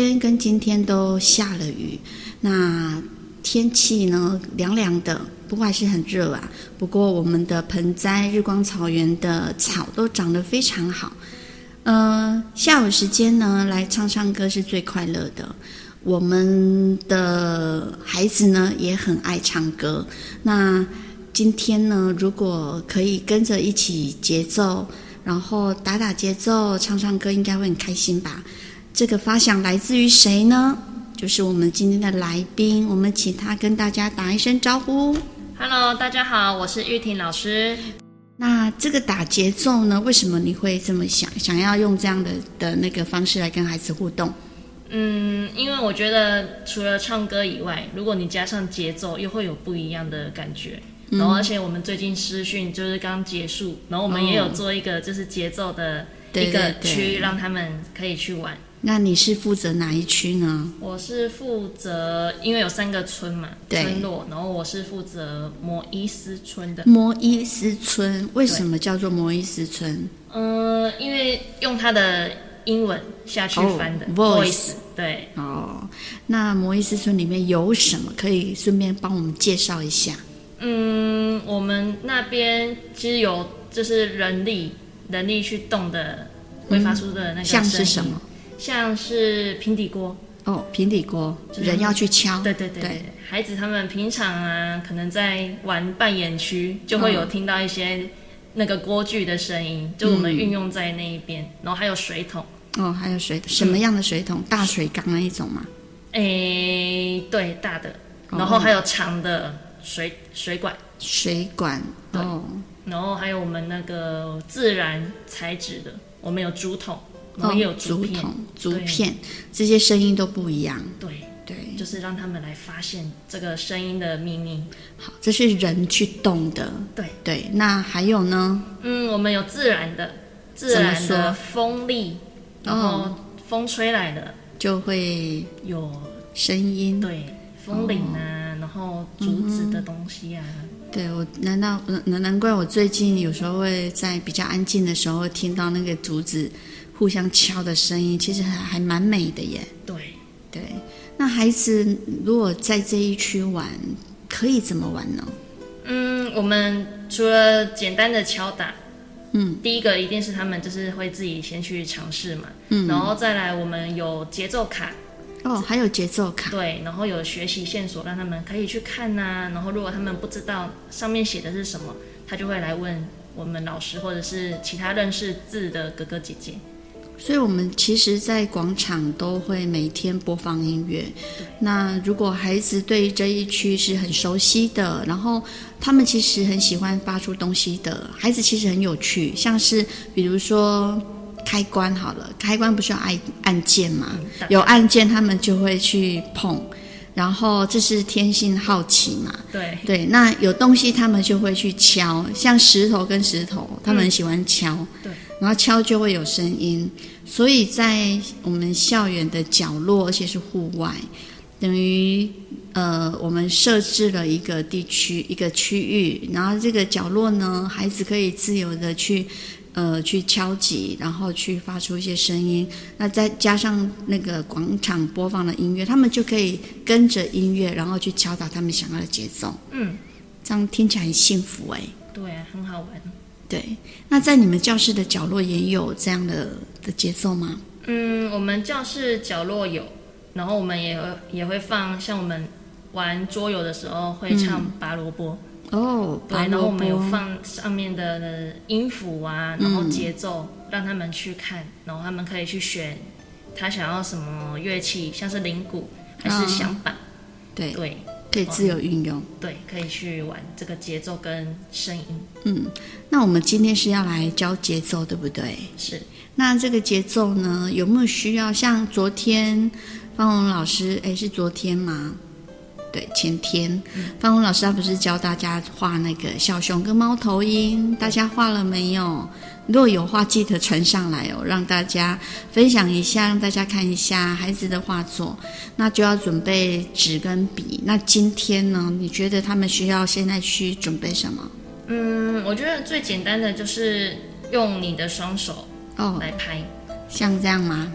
天跟今天都下了雨，那天氣呢涼涼的，不過還是很熱啊。不過我們的盆栽日光草原的草都長得非常好。呃，下午時間呢來唱唱歌是最快樂的。我們的孩子呢也很愛唱歌。那今天呢，如果可以跟着一起節奏，然後打打節奏，唱唱歌，應該會很開心吧。這個發想來自於誰呢？就是我們今天的來賓，我們請他跟大家打一聲招呼。Hello，大家好，我是煜婷老師。那這個打節奏呢，為什麼你會這麼想，想要用這樣的的那個方式來跟孩子互動？嗯，因為我覺得除了唱歌以外，如果你加上節奏，又會有不一樣的感覺。嗯、然後，而且我們最近師訓就是剛結束，然後我們也有做一個就是節奏的一個區，哦、對對對，讓他們可以去玩。那你是負責哪一區呢？我是負責，因為有三個村嘛，對，村落，然後我是負責摩伊斯村的。摩伊斯村為什麼叫做摩伊斯村？嗯，呃，因為用它的英文下去翻的，Oh，Voice。對。哦，那摩伊斯村裡面有什麼，可以順便幫我們介紹一下？嗯，我們那邊其實有，就是人力，人力去動的，會發出的那個聲音。嗯，像是什麼？像是平底鍋哦，平底鍋，人要去敲。對對對，對。孩子他們平常啊，可能在玩扮演區，就會有聽到一些那個鍋具的聲音，哦、就我們運用在那一邊，嗯。然後還有水桶哦，還有水桶，什麼樣的水桶、嗯？大水缸那一種嗎？哎，對，大的、哦。然後還有長的水水管，水管。哦，然後還有我們那個自然材質的，我們有竹筒。我有竹、哦、竹筒、竹片，這些聲音都不一樣。對對，就是讓他們來發現這個聲音的秘密。好，這是人去動的。嗯、對對，那還有呢？嗯，我們有自然的，自然的風力，然後風吹來的、哦、就會有聲音。對，風鈴啊，哦、然後竹子的東西啊。嗯、對我，難道難難怪我最近有時候會在比較安靜的時候聽到那個竹子互相敲的聲音其實還還蠻美的耶。對，對。那孩子如果在這一區玩，可以怎麼玩呢？嗯，我們除了簡單的敲打，嗯，第一個一定是他們就是會自己先去嘗試嘛，嗯，然後再來我們有節奏卡，哦，還有節奏卡，對，然後有學習線索讓他們可以去看吶、啊，然後如果他們不知道上面寫的是什麼，他就會來問我們老師或者是其他認識字的哥哥姐姐。所以，我們其實，在廣場都會每天播放音樂。那如果孩子對於這一區是很熟悉的，然後他們其實很喜歡發出東西的孩子，其實很有趣。像是比如說開關，好了，開關不是要按按鍵嗎？有按鍵，他們就會去碰。然後這是天性好奇嘛？對對。那有東西，他們就會去敲，像石頭跟石頭，他們很喜歡敲。嗯、對。然後敲就會有聲音，所以在我們校園的角落，而且是戶外，等於呃，我們設置了一個地區、一個區域。然後這個角落呢，孩子可以自由的去呃去敲擊，然後去發出一些聲音。那再加上那個廣場播放的音樂，他們就可以跟着音樂，然後去敲打他們想要的節奏。嗯，這樣聽起來很幸福誒。對啊，很好玩。對，那在你們教室的角落也有這樣的的節奏嗎？嗯，我們教室角落有，然後我們也也會放，像我們玩桌遊的時候會唱拔蘿蔔、嗯，哦《拔蘿蔔》哦，對，然後我們有放上面的音符啊，然後節奏、嗯、讓他們去看，然後他們可以去選他想要什麼樂器，像是鈴鼓還是響板，對、哦、對。對可以自由運用，對，可以去玩這個節奏跟聲音。嗯，那我們今天是要來教節奏，對不對？是。那這個節奏呢，有沒有需要？像昨天方文老師，哎，是昨天嗎？對，前天。方、嗯、文老師他不是教大家畫那個小熊跟貓頭鷹，嗯、大家畫了沒有？如果有畫，記得傳上來哦，讓大家分享一下，讓大家看一下孩子的畫作。那就要準備紙跟筆。那今天呢，你覺得他們需要現在去準備什麼？嗯，我覺得最簡單的就是用你的雙手哦，來拍哦，像這樣嗎？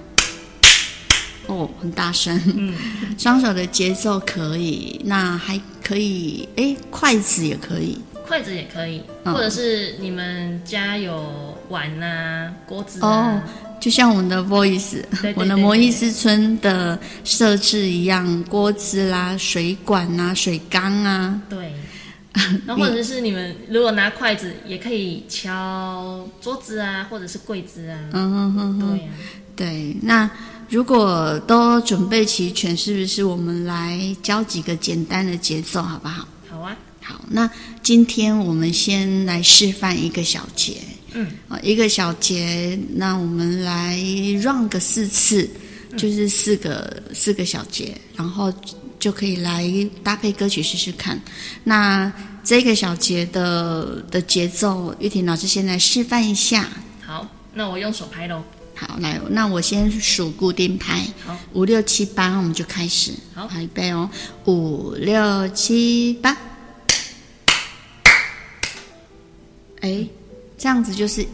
哦，很大聲。嗯，雙手的節奏可以，那還可以，哎，筷子也可以。筷子也可以，或者是你們家有碗啊、鍋子啊。哦、oh，就像我們的魔力斯，我的魔力斯村的設置一樣，鍋子啦、啊、水管啊、水缸啊。對、嗯。那或者是你們如果拿筷子，也可以敲桌子啊，或者是櫃子啊。嗯哼哼、哼，對、啊、對，那如果都準備齊全，是不是我們來教幾個簡單的節奏，好不好？好，那今天我們先來示範一個小節，嗯，啊一個小節，那我們來 run 個四次，就是四個、嗯、四個小節，然後就可以來搭配歌曲試試看。那這個小節的的節奏，煜婷老師先來示範一下。好，那我用手拍嘍。好，來，那我先數固定拍，好，五六七八，我們就開始。好，預備哦，五六七八。誒，這樣子就是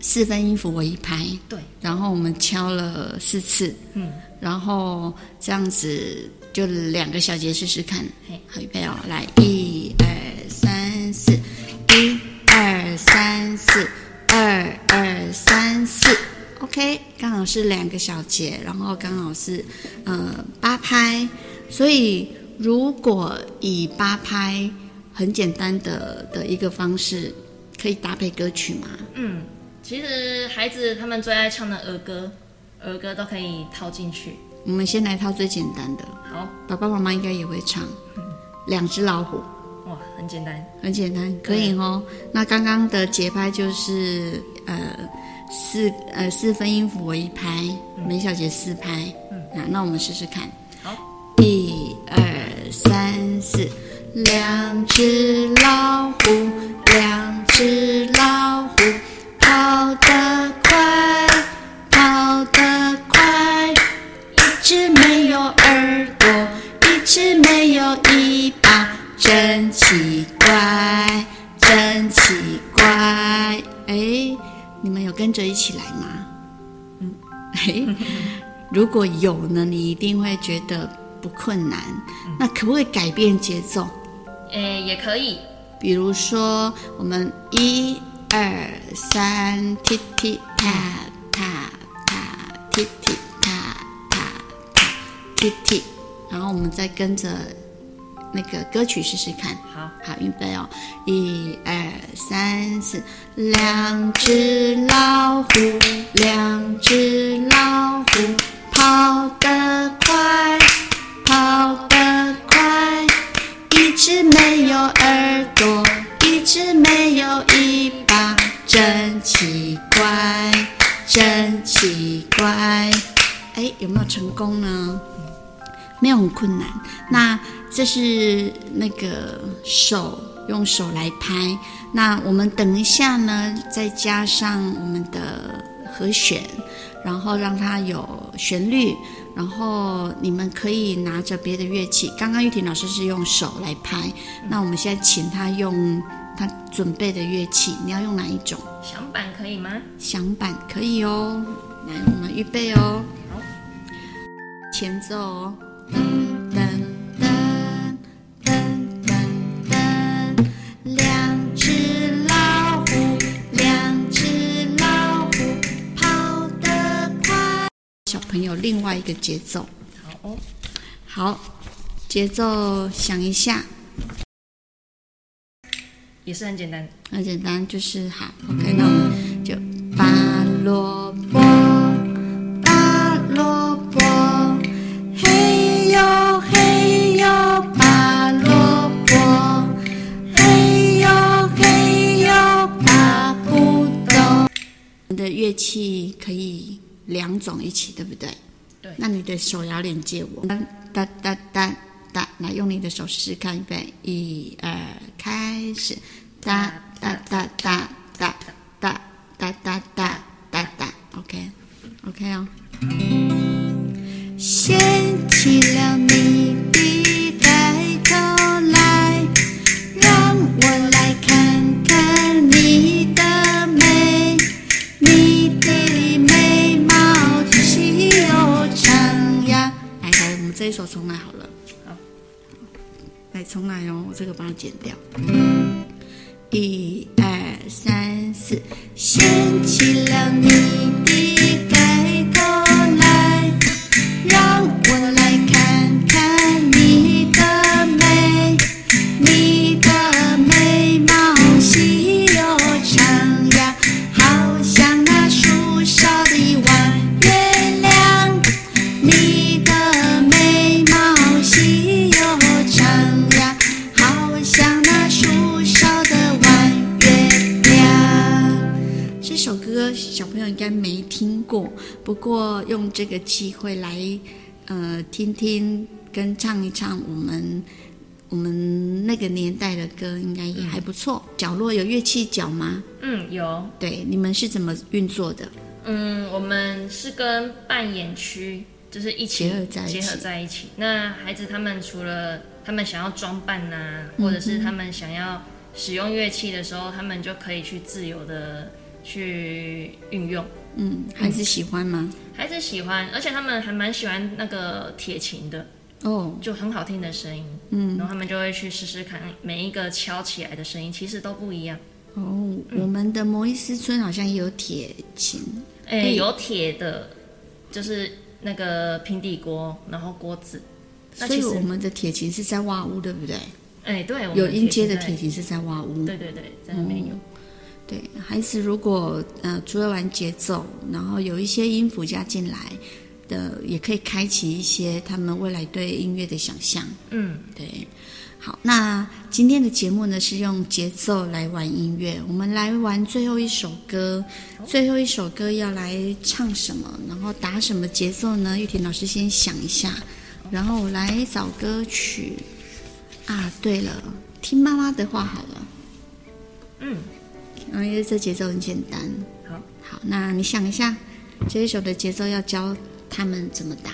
四分音符為一拍，對，然後我們敲了四次，嗯，然後這樣子就兩個小節試試看，哎，好預備哦，來，一、二、三、四，一、二、三、四，二、二、三、四，OK，剛好是兩個小節，然後剛好是嗯、呃、八拍，所以如果以八拍很簡單的的一個方式。可以搭配歌曲嗎？嗯，其實孩子他們最愛唱的兒歌，兒歌都可以套進去。我們先來套最簡單的。好，爸爸媽媽應該也會唱。嗯、兩隻老虎，哇，很簡單，很簡單，可以哦。那剛剛的節拍就是呃四呃四分音符為一拍、嗯，每小節四拍、嗯啊。那我們試試看。好，一二三四，兩隻老虎，兩。只老虎跑得快，跑得快，一隻沒有耳朵，一隻沒有尾巴，真奇怪，真奇怪。誒，你們有跟着一起來嗎？嗯，嘿， 如果有呢，你一定會覺得不困難，嗯。那可不可以改變節奏？誒，也可以。比如說，我們一二三，踢踢踏踏踏，踢踢踏踏踏，踢踢。然後我們再跟着那個歌曲試試看。好好，預備哦！一二三四，兩只老虎，兩只老虎，跑得快，跑得一隻沒有耳朵，一隻沒有尾巴，真奇怪，真奇怪。哎，有沒有成功呢？沒有，很困難。那這是那個手，用手來拍。那我們等一下呢，再加上我們的和弦，然後讓它有旋律。然後你們可以拿着別的樂器。剛剛煜婷老師是用手來拍，那我們現在請他用他準備的樂器。你要用哪一種？響板可以嗎？響板可以哦。嗯。來，我們預備哦。好，前奏哦。嗯另外一個節奏，好哦，好，節奏想一下，也是很簡單，很簡單，就是好、嗯，OK，那我們就拔蘿蔔。兩種一起，對不對？對。那你的手要連接我，噠噠噠噠，來用你的手試試看一遍，一二，開始，噠噠噠噠噠噠噠噠噠噠噠，OK，OK 哦。掀起了你的蓋頭來，讓我來。重來哦，我這個幫你剪掉。嗯、一二三四，掀起了你的。不過用這個機會來，呃，聽聽跟唱一唱我們我們那個年代的歌，應該也還不錯。角落有樂器角嗎？嗯，有。對，你們是怎麼運作的？嗯，我們是跟扮演區就是一起結合在一起。 那孩子他們除了他們想要裝扮啊，或者是他們想要使用樂器的時候，他們就可以去自由的去運用。嗯，孩子喜歡嗎？嗯？孩子喜歡，而且他們還蠻喜歡那個鐵琴的哦，就很好聽的聲音。嗯，然後他們就會去試試看每一個敲起來的聲音，其實都不一樣。哦，嗯、我們的摩伊斯村好像也有鐵琴，哎、欸欸，有鐵的，就是那個平底鍋，然後鍋子。所以我們的鐵琴是在瓦屋，對不對？哎、欸，對，有音階的鐵琴是在瓦屋。嗯，對對對，在那邊有。嗯對孩子，如果呃，除了玩節奏，然後有一些音符加進來，的也可以開啟一些他們未來對音樂的想象嗯，對。好，那今天的節目呢，是用節奏來玩音樂。我們來玩最後一首歌，最後一首歌要來唱什麼？然後打什麼節奏呢？煜婷老師先想一下，然後我來找歌曲。啊，對了，聽媽媽的話好了。嗯。嗯，因為這節奏很簡單。好，好，那你想一下，這一首的節奏要教他們怎麼打？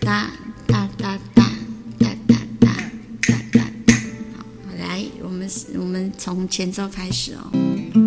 噠噠噠噠噠噠噠噠噠噠，好，來，我們我們從前奏開始哦。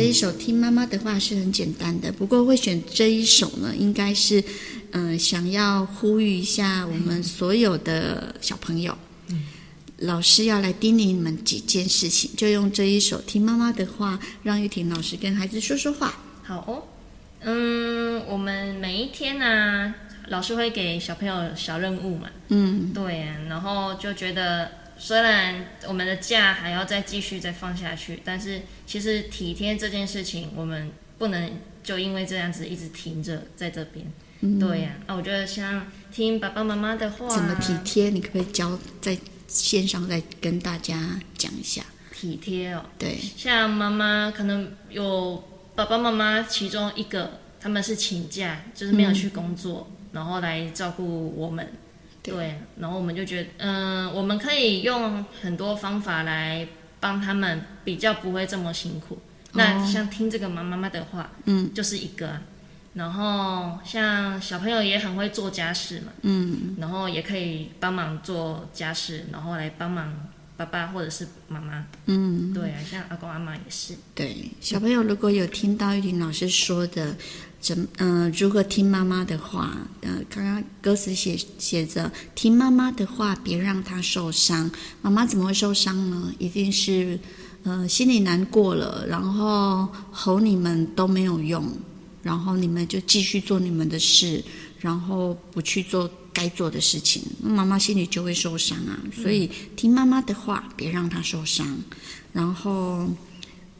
這一首《聽媽媽的話》是很簡單的，不過會選這一首呢，應該是，嗯、呃，想要呼籲一下我們所有的小朋友。嗯，老師要來叮嚀你們幾件事情，就用這一首《聽媽媽的話》，讓煜婷老師跟孩子說說話。好哦。嗯，我們每一天呢、啊，老師會給小朋友小任務嘛。嗯，對、啊。然後就覺得，雖然我們的假還要再繼續再放下去，但是。其實體貼這件事情，我們不能就因為這樣子一直停着在這邊。嗯、對呀、啊，啊，我覺得像聽爸爸媽媽的話、啊。怎麼體貼？你可不可以教在線上再跟大家講一下？體貼哦。對。像媽媽可能有爸爸媽媽其中一個，他們是請假，就是沒有去工作，嗯、然後來照顧我們。對。對啊、然後我們就覺得，嗯、呃，我們可以用很多方法來。幫他們比較不會這麼辛苦，那像聽這個媽媽媽的話，哦、嗯，就是一個、啊，然後像小朋友也很會做家事嘛，嗯，然後也可以幫忙做家事，然後來幫忙爸爸或者是媽媽，嗯，對啊，像阿公阿媽也是，對，小朋友如果有聽到煜婷老師說的。怎、呃、嗯，如何聽媽媽的話？嗯、呃，剛剛歌詞寫寫着“聽媽媽的話，別讓她受傷”。媽媽怎麼會受傷呢？一定是，嗯、呃，心裡難過了，然後吼你們都沒有用，然後你們就繼續做你們的事，然後不去做該做的事情，媽媽心裡就會受傷啊。嗯、所以聽媽媽的話，別讓她受傷。然後。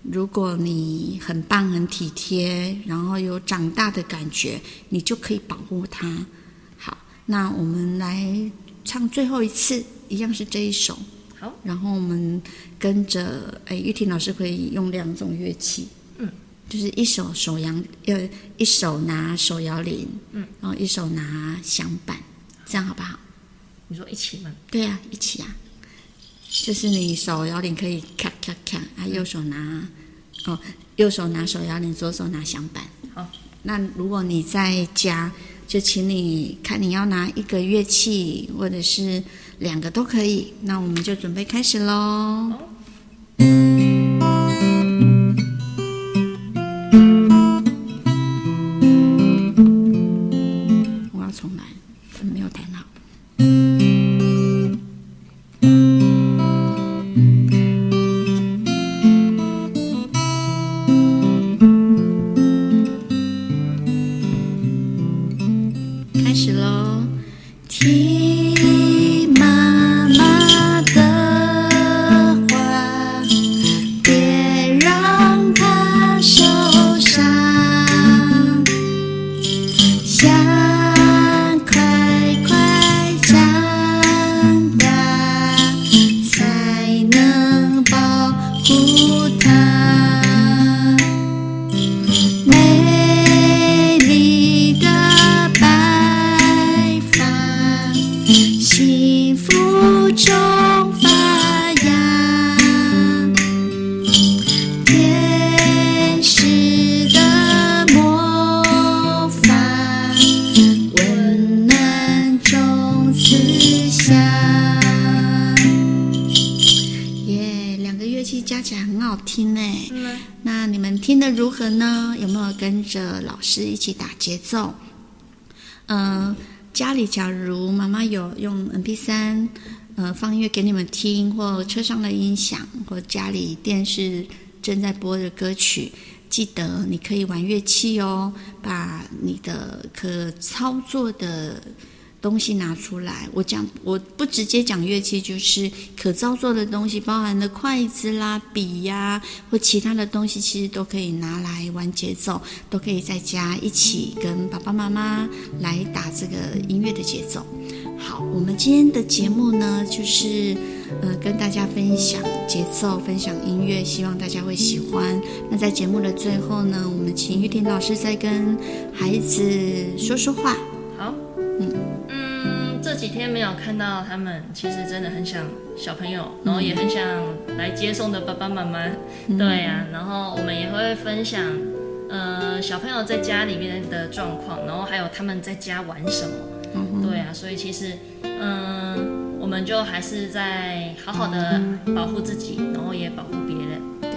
如果你很棒、很體貼，然後有長大的感覺，你就可以保護他。好，那我們來唱最後一次，一樣是這一首。好，然後我們跟着，哎，煜婷老師可以用兩種樂器，嗯，就是一手手搖，呃，一手拿手搖鈴，嗯，然後一手拿響板，這樣好不好？你說一起嗎？對呀、啊，一起呀、啊。就是你手搖鈴可以咔咔咔，啊，右手拿，哦，右手拿手搖鈴，左手拿響板。好，那如果你在家，就請你看你要拿一個樂器，或者是兩個都可以。那我們就準備開始嘍。聽得如何呢？有沒有跟着老師一起打節奏？嗯、呃，家裡假如媽媽有用 MP3，嗯，放音樂給你們聽，或車上的音響，或家裡電視正在播的歌曲，記得你可以玩樂器哦，把你的可操作的。東西拿出來，我講我不直接講樂器，就是可操作的東西，包含了筷子啦、筆呀、啊，或其他的東西，其實都可以拿來玩節奏，都可以在家一起跟爸爸媽媽來打這個音樂的節奏。好，我們今天的節目呢，就是呃跟大家分享節奏，分享音樂，希望大家會喜歡。那在節目的最後呢，我們請煜婷老師再跟孩子說說話。好，嗯。幾天沒有看到他們，其實真的很想小朋友，然後也很想來接送的爸爸媽媽、嗯。對啊，然後我們也會分享，呃，小朋友在家裡面的狀況，然後還有他們在家玩什麼。嗯、對啊，所以其實，嗯、呃，我們就還是在好好的保護自己，嗯、然後也保護別人。對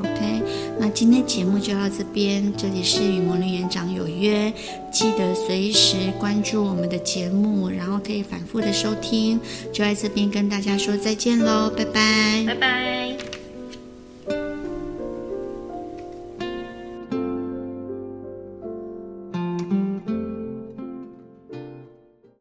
，OK，那今天節目就到這邊，這裡是雨萌園長。約記得隨時關注我們的節目，然後可以反覆的收聽。就在這邊跟大家說再見嘍，拜拜，拜拜。